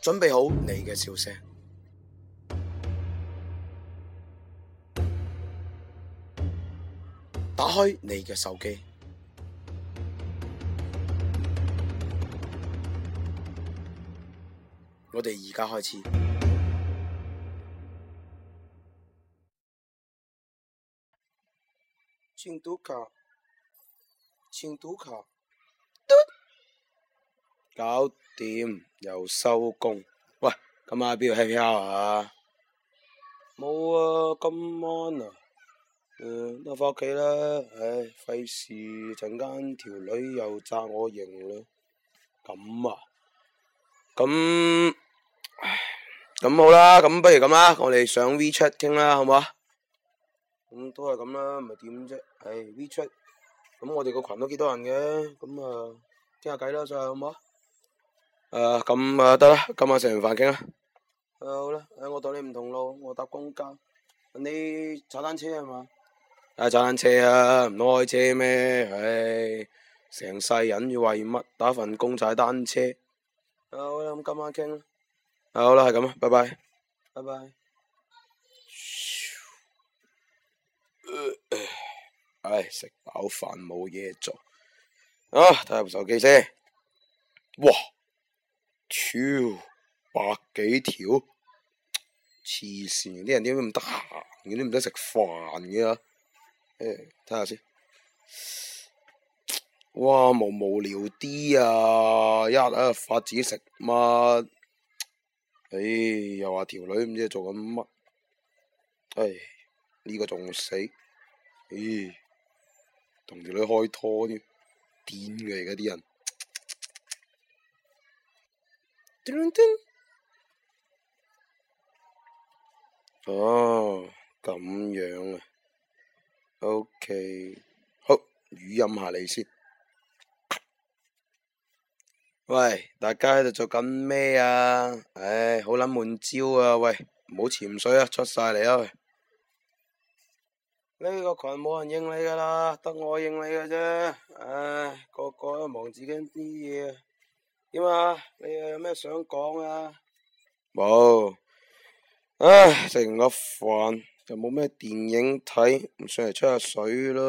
準備好你嘅笑聲，打開你嘅手機，我哋而家開始，請讀卡，請讀卡。搞掂又收工，喂，今晚邊度 happy 喵啊？冇啊，今晚啊，誒、嗯，都翻屋企啦，唉、哎，費事陣間條女又責我型咯。咁啊，咁咁好啦，咁不如咁啦，我哋上 WeChat 傾啦，好唔好啊？咁、嗯、都係咁啦，唔係點啫？唉，WeChat，咁我哋個群都幾多人嘅，咁啊，傾下偈啦，再好唔好啊？誒，咁啊得啦，今晚食完飯傾啦。誒好啦，誒我同你唔同路，我搭公交，你踩單車係嘛？啊踩單車啊，唔通開車咩？唉，成世人要為乜打份工踩單車？誒好啦，咁今晚傾啦。好啦，係咁啦，拜拜。拜拜。誒，食飽飯冇嘢做，啊睇下部手機先。哇！超百幾條，黐線！啲人點解咁得閒？佢都唔得食飯嘅。睇下先。哇，無無聊啲啊！一日喺度發自己食乜？唉，又話條女唔知做緊乜？唉，呢個仲死？咦，同條女開拖添，癲嘅而家啲人。叮叮，哦，咁樣啊，OK，好，語音下你先。喂，大家喺度做緊咩啊？唉，好捻悶焦啊！喂，唔好潛水啊，出晒嚟啊！呢個群冇人應你噶啦，得我應你噶啫。唉，個個都忙自己啲嘢。點啊？你又有咩想講啊？冇，唉，食完個飯又冇咩電影睇，唔上嚟吹下水咯。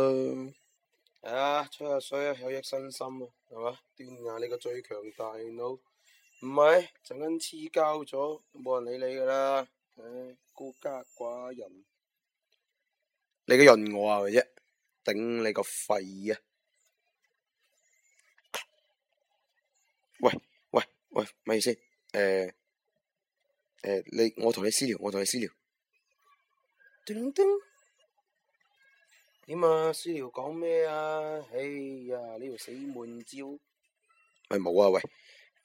係啊，吹下水有益身心，係嘛？鍛煉下你個最強大腦。唔、no. 係，陣間黐膠咗，冇人理你噶啦。唉、哎，孤家寡人，你嘅人我啊，啫，頂你個肺啊！喂喂喂，咪先，誒誒、欸欸，你我同你私聊，我同你私聊。叮叮，點啊？私聊講咩啊？哎呀，呢條死悶招、欸啊！喂，冇啊喂，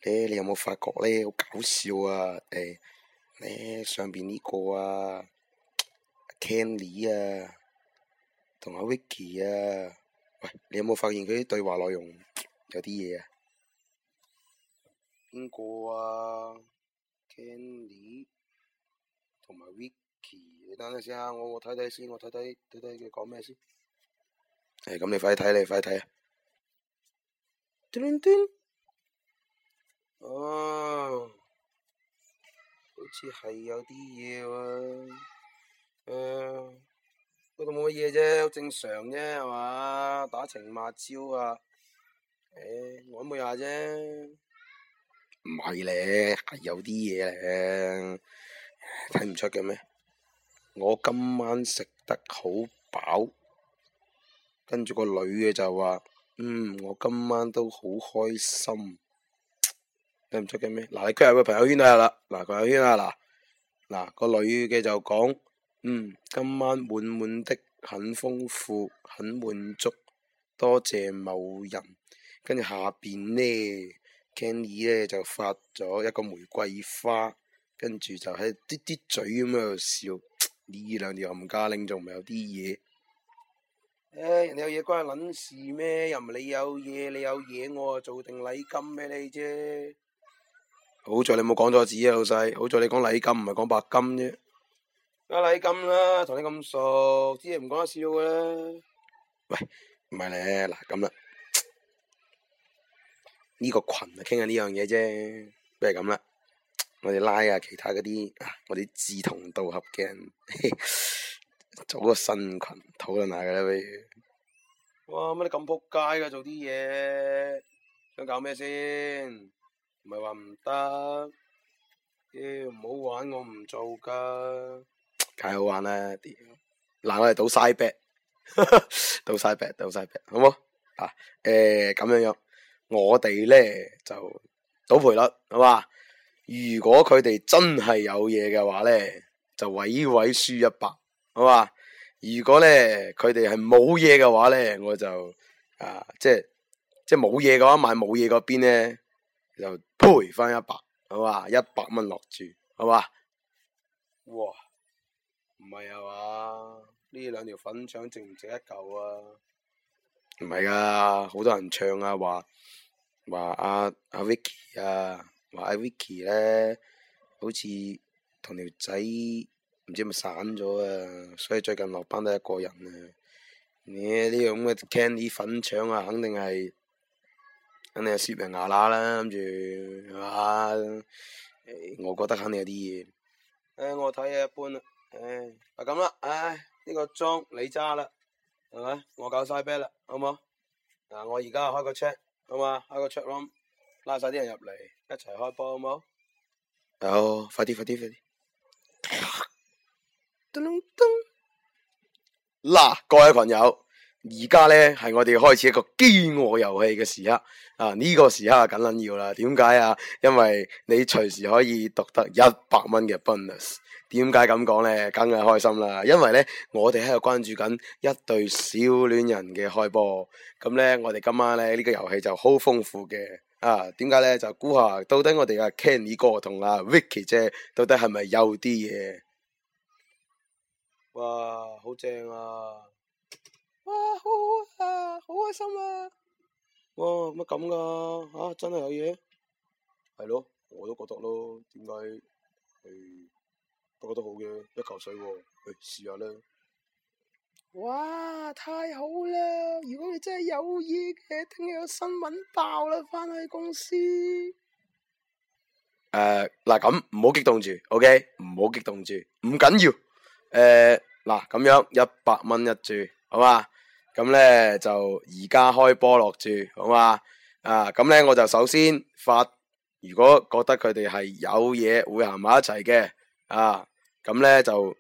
咧你有冇發覺咧？好搞笑啊！誒、欸、咧上邊呢個啊，Candy 啊，同阿 Vicky 啊，喂，你有冇發現佢啲對話內容有啲嘢啊？邊個啊？Candy 同埋 Vicky，你等陣先啊！我我睇睇先，我睇睇睇睇佢講咩先。誒，咁你快啲睇，你快啲睇啊！Twintin，哦，好似係有啲嘢喎。誒、呃，嗰度冇乜嘢啫，好正常啫。啊，係嘛？打情罵俏啊，誒、欸，安慰下啫。唔係咧，有啲嘢呢，睇唔出嘅咩？我今晚食得好飽。跟住個女嘅就話：嗯，我今晚都好開心，睇唔出嘅咩？嗱，你開下個朋友圈啦，啦，嗱朋友圈啦，嗱嗱個女嘅就講：嗯，今晚滿滿的，很豐富，很滿足，多謝某人。跟住下邊呢，Kenny 咧就發咗一個玫瑰花，跟住就喺啲啲嘴咁喺度笑。呢兩條冚家拎，仲唔係有啲嘢？唉，人哋有嘢關我卵事咩？又唔係你有嘢，你有嘢我啊做定禮金俾你啫。好在你冇講錯字啊，老細。好在你講禮金唔係講白金啫。啊，禮金啦、啊，同你咁傻，啲嘢唔講得笑噶啦。喂，唔係咧，嗱咁啦。呢個群談談啊，傾下呢樣嘢啫，不如咁啦。我哋拉下其他嗰啲，我哋志同道合嘅，人，做個新群討論下噶啦。喂，哇，乜你咁撲街噶，做啲嘢想搞咩先？唔係話唔得，唔好玩，我唔做噶。太好玩啦，啊！嗱，我哋賭 size bet，賭 size bet，賭 size bet，好唔好？啊，誒、呃，咁樣樣。我哋咧就賭賠率，好嘛？如果佢哋真係有嘢嘅話咧，就委委輸一百，好嘛？如果咧佢哋係冇嘢嘅話咧，我就啊，即係即係冇嘢嘅話，買冇嘢嗰邊咧就賠翻一百，好嘛？一百蚊落注，好嘛？哇！唔係啊嘛？呢兩條粉腸值唔值一嚿啊？唔係噶，好多人唱啊，話。話阿阿 Vicky 啊，話阿 Vicky 咧，好似同條仔唔知咪散咗啊，所以最近落班都一個人啊。你呢啲咁嘅 candy 粉腸啊，肯定係肯定係攝人牙罅啦，諗住啊，誒，我覺得肯定有啲嘢。誒、嗯，我睇嘢一般啦，誒、就是，啊咁啦，唉，呢個妝你揸啦，係咪？我搞晒啤啦，ate，好唔好？嗱，我而家開個 check。好嘛，開個 chat room，拉晒啲人入嚟，一齊開波好唔好？好，快啲快啲快啲！嗱，各位朋友，而家咧係我哋開始一個飢餓遊戲嘅時刻啊！呢個時刻啊，緊緊要啦，點解啊？因為你隨時可以獨得一百蚊嘅 bonus。點解咁講呢？梗係開心啦，因為呢，我哋喺度關注緊一對小戀人嘅開波。咁呢，我哋今晚呢，呢、呢個遊戲就好豐富嘅啊！點解呢？就估下到底我哋嘅 Kenny 哥同阿 Vicky 姐到底係咪有啲嘢？哇！好正啊！哇！好好啊！好開心啊！哇！乜咁噶？吓，啊，真係有嘢？係咯，我都覺得咯。點解係？不過都好嘅，一嚿水喎、哦，誒，去試下啦！哇，太好啦！如果你真係有意嘅，聽日有新聞爆啦，翻去公司。誒、呃，嗱咁，唔好激動住，OK，唔好激動、呃、住，唔緊要。誒，嗱咁樣一百蚊一注，好嘛？咁咧就而家開波落注，好嘛？啊，咁咧我就首先發，如果覺得佢哋係有嘢會行埋一齊嘅。啊，咁咧就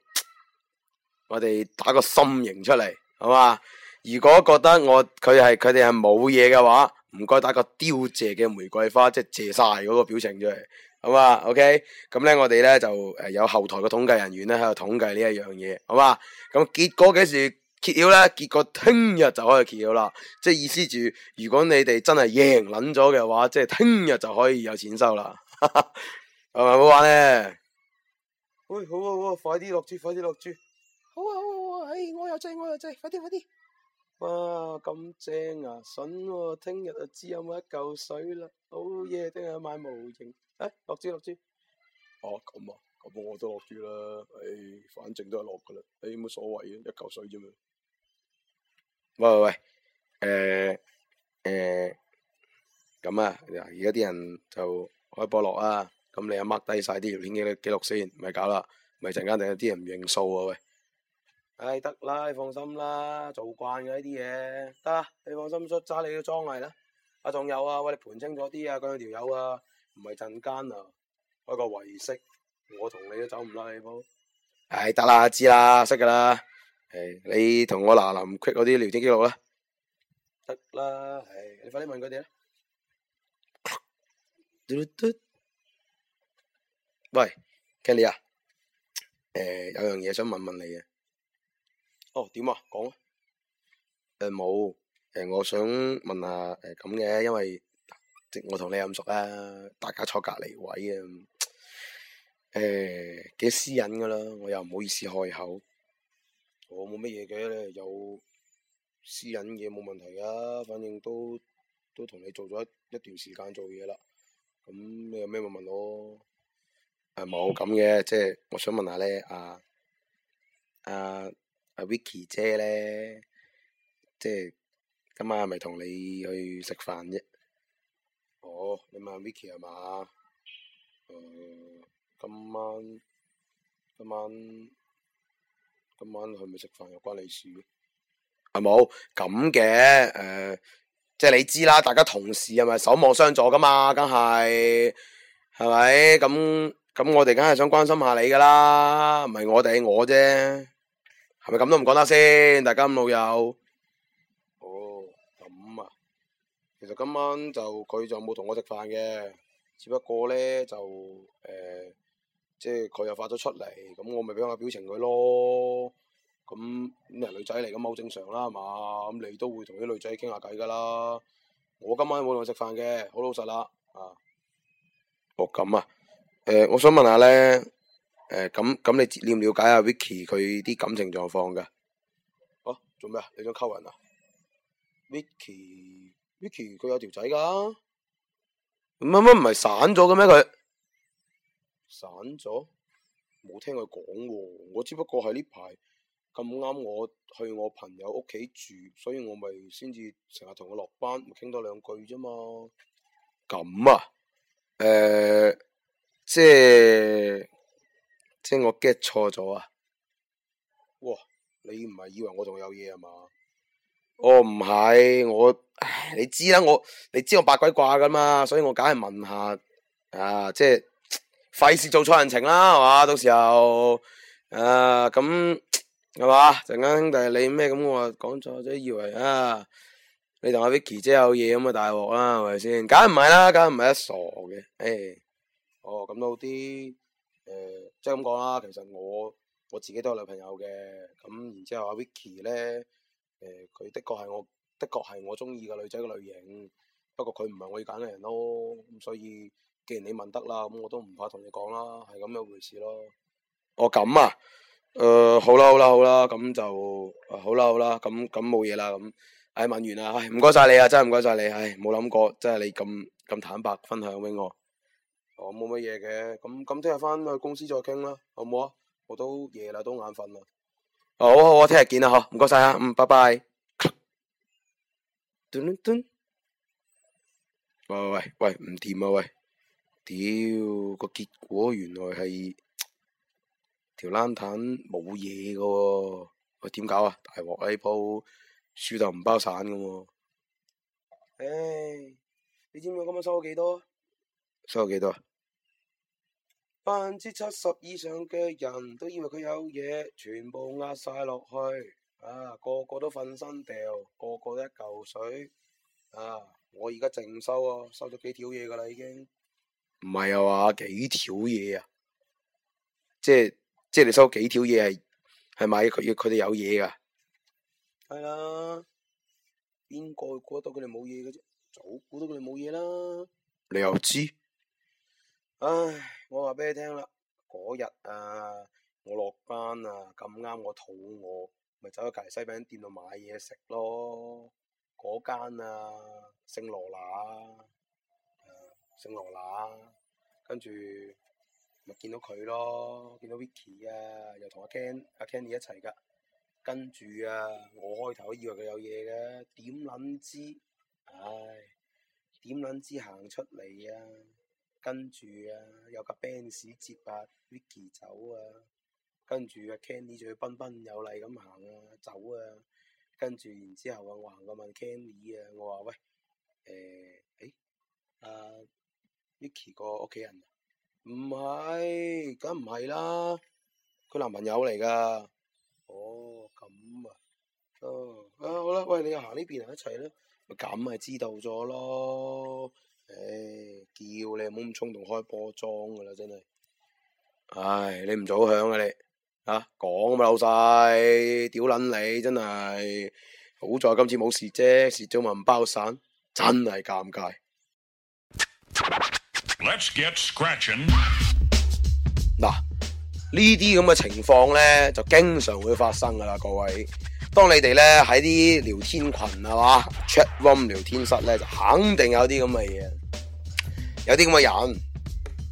我哋打個心形出嚟，好嘛？如果覺得我佢係佢哋係冇嘢嘅話，唔該打個凋謝嘅玫瑰花，即係謝晒嗰個表情出嚟，好嘛？OK，咁咧我哋咧就誒、呃、有後台嘅統計人員咧喺度統計呢一樣嘢，好嘛？咁結果幾時揭曉咧？結果聽日就可以揭曉啦，即係意思住，如果你哋真係贏捻咗嘅話，即係聽日就可以有錢收啦，哈哈，係咪好玩咧？喂，好啊好啊，快啲落注，快啲落注。好啊好啊，哎，我有掣我有掣，快啲快啲。哇，咁正啊，笋，聽日就知有冇一嚿水啦。好嘢，聽日買模型。哎，落注落注。哦，咁啊，咁我都落注啦。哎，反正都係落噶啦，哎，冇所謂啊，一嚿水啫嘛。喂喂喂，誒誒，咁啊，而家啲人就開波落啊。咁你又掹低晒啲聊天嘅記錄先，咪搞啦，咪陣間定有啲人唔認數啊喂！唉，得啦，你放心啦，做慣嘅呢啲嘢，得啦，你放心出，揸你啲裝備啦。啊，仲有啊，喂，你盤清咗啲啊，嗰兩條友啊，唔係陣間啊，開個遺式，我同你都走唔甩你鋪。唉，得啦，知啦，識噶啦，唉你同我嗱嗱唔 quick 嗰啲聊天記錄啦。得啦，唉你快啲問佢哋啦。嘟嘟。喂 k e n l y 啊，誒、呃，有樣嘢想問問你啊。哦，點啊？講啊。誒、呃、冇，誒、呃，我想問下誒咁嘅，因為即我同你咁熟啊，大家坐隔籬位啊，誒、呃，幾、呃、私隱噶啦，我又唔好意思開口。我冇乜嘢嘅，有私隱嘢冇問題啊，反正都都同你做咗一段時間做嘢啦，咁、嗯、你有咩問問我？係冇咁嘅，即係我想問下咧，阿阿阿 Vicky 姐咧，即係今晚係咪同你去食飯啫？哦，你問 Vicky 係嘛？今晚今晚今晚係咪食飯又關你事？係冇咁嘅，誒、呃，即係你知啦，大家同事係咪守望相助噶嘛？梗係係咪咁？咁我哋梗係想關心下你噶啦，唔係我哋我啫，係咪咁都唔講得先？大家冇有？哦咁、oh, 啊，其實今晚就佢就冇同我食飯嘅，只不過咧就誒、呃，即係佢又發咗出嚟，咁我咪俾個表情佢咯。咁人女仔嚟咁好正常啦，係嘛？咁你都會同啲女仔傾下偈噶啦。我今晚冇同佢食飯嘅，好老實啦。啊，哦咁啊。誒、呃，我想問下咧，誒、呃，咁咁你了唔了解下 Vicky 佢啲感情狀況噶？啊，做咩啊？你想溝人啊？Vicky，Vicky W 佢有條仔噶，咁乜乜唔係散咗嘅咩？佢散咗，冇聽佢講喎。我只不過喺呢排咁啱，我去我朋友屋企住，所以我咪先至成日同佢落班，傾多兩句啫嘛。咁啊，誒、呃。即係即係我 get 錯咗啊！哇！你唔係以為我仲有嘢啊嘛？我唔係我，你知啦，我你知我八鬼卦噶嘛，所以我梗係問下啊！即係費事做錯人情啦，係嘛？到時候啊咁係嘛？陣間兄弟你咩咁話講錯，即係以為啊，你同阿 Vicky 姐有嘢咁啊大鑊啦，係咪先？梗係唔係啦，梗係唔係一傻嘅，誒、哎。哦，咁都好啲，誒、呃，即係咁講啦。其實我我自己都有女朋友嘅，咁然之後阿 Vicky 咧，誒，佢的確係我，的確係我中意嘅女仔嘅類型，不過佢唔係我要揀嘅人咯。哦。咁所以，既然你問得啦，咁我都唔怕同你講啦，係咁樣回事咯。哦，咁啊，誒、呃，好啦好啦好啦，咁就，好啦好啦，咁咁冇嘢啦，咁，唉，問完啦，唉，唔該晒你啊，真係唔該晒你，唉，冇諗過，真係你咁咁坦白分享俾我。我冇乜嘢嘅，咁咁聽日翻去公司再傾啦，好唔好啊？我都夜啦，都眼瞓啦、嗯。好，我聽日見啦好，唔該晒吓，嗯，拜拜。喂喂喂，唔掂啊喂！屌，個結果，原來係條冷毯冇嘢噶，喂，點搞啊？大鑊，喺鋪輸到唔包散咁喎。唉、哎，你知唔知我今晚收咗幾多？收幾多？百分之七十以上嘅人都以為佢有嘢，全部壓晒落去，啊個個都瞓身掉，個個都一嚿水，啊我而家淨收啊，收咗幾條嘢噶啦已經。唔係啊嘛，幾條嘢啊？即係即係你收幾條嘢係係買佢要佢哋有嘢噶？係啦，邊個估得到佢哋冇嘢嘅啫？早估到佢哋冇嘢啦。你又知？唉，我話俾你聽啦，嗰日啊，我落班啊，咁啱我肚餓，咪走去隔籬西餅店度買嘢食咯。嗰間啊，聖羅拿，啊，聖羅娜，跟住咪見到佢咯，見到 Vicky 啊，又同阿 Ken、阿 Kenny 一齊噶。跟住啊，我開頭以為佢有嘢嘅，點諗知？唉，點諗知行出嚟啊？跟住啊，有架 Benz 接啊，Vicky 走啊，跟住阿 Canny 就要彬彬有禮咁行啊，走啊，跟住、啊啊、然之後我話我問 Canny 啊，我話、啊、喂，誒、呃，誒，阿、啊、Vicky 個屋企人，唔係，梗唔係啦，佢男朋友嚟㗎。哦，咁啊，哦，啊好啦，喂，你行呢邊啊，一齊啦，咪咁咪知道咗咯。唉、哎，叫你唔好咁衝動開波裝噶啦，真係。唉，你唔早響啊你，啊講嘛老細，屌捻你真係。好在今次冇事啫，事做埋唔包散，真係尷尬。Let's get scratching. 嗱，這這呢啲咁嘅情況咧，就經常會發生噶啦，各位。當你哋咧喺啲聊天群，係嘛，chat room 聊天室咧，就肯定有啲咁嘅嘢，有啲咁嘅人，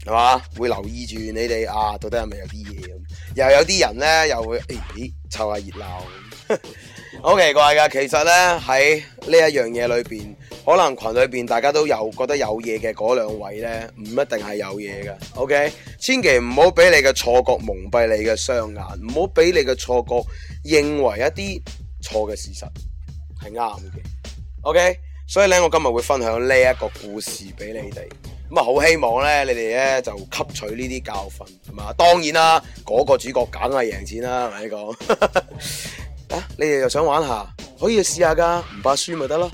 係嘛，會留意住你哋啊，到底係咪有啲嘢？又有啲人咧，又會誒，湊下熱鬧。 好奇怪噶，其實呢，喺呢一樣嘢裏邊，可能群裏邊大家都有覺得有嘢嘅嗰兩位呢，唔一定係有嘢噶。OK，千祈唔好俾你嘅錯覺蒙蔽你嘅雙眼，唔好俾你嘅錯覺認為一啲錯嘅事實係啱嘅。OK，所以呢，我今日會分享呢一個故事俾你哋，咁啊好希望呢，你哋呢就吸取呢啲教訓。咁啊，當然啦，嗰個主角梗係贏錢啦，係咪講？ 啊、你哋又想玩下，可以試下噶，唔怕輸咪得咯。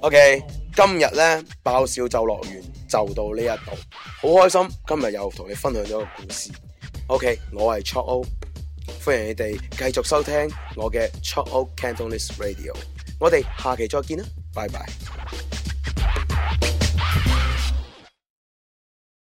OK，今日咧爆笑就樂園就到呢一度，好開心。今日又同你分享咗個故事。OK，我係 Chok O，歡迎你哋繼續收聽我嘅 Chok O Cantonese Radio。我哋下期再見啦，拜拜。